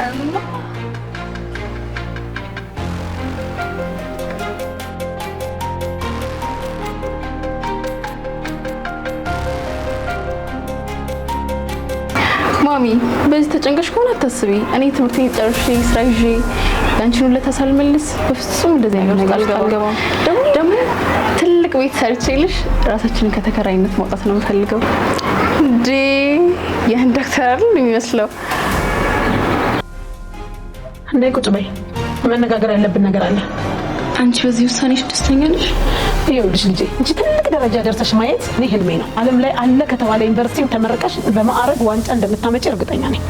Tamam. ማሚ በዚህ ተጨንቀሽ ከሆነ አታስቢ። እኔ ትምህርቴን ጨርሼ ስራ ይዤ ያንቺን ውለታ ሳልመልስ በፍጹም እንደዚህ አይነት ነገር አልገባም። ደግሞ ትልቅ ቤት ሰርቼልሽ ራሳችንን ከተከራይነት ማውጣት ነው የምፈልገው። እንዴ ያን ዶክተር አይደል የሚመስለው እንዴ ቁጭ በይ፣ መነጋገር ያለብን ነገር አለ። አንቺ በዚህ ውሳኔሽ ደስተኛ ነሽ? ይኸውልሽ ልጄ እንቺ ትልቅ ደረጃ ደርሰሽ ማየት እኔ ህልሜ ነው። ዓለም ላይ አለ ከተባለ ዩኒቨርሲቲ ተመረቀሽ በማዕረግ ዋንጫ እንደምታመጪ እርግጠኛ ነኝ።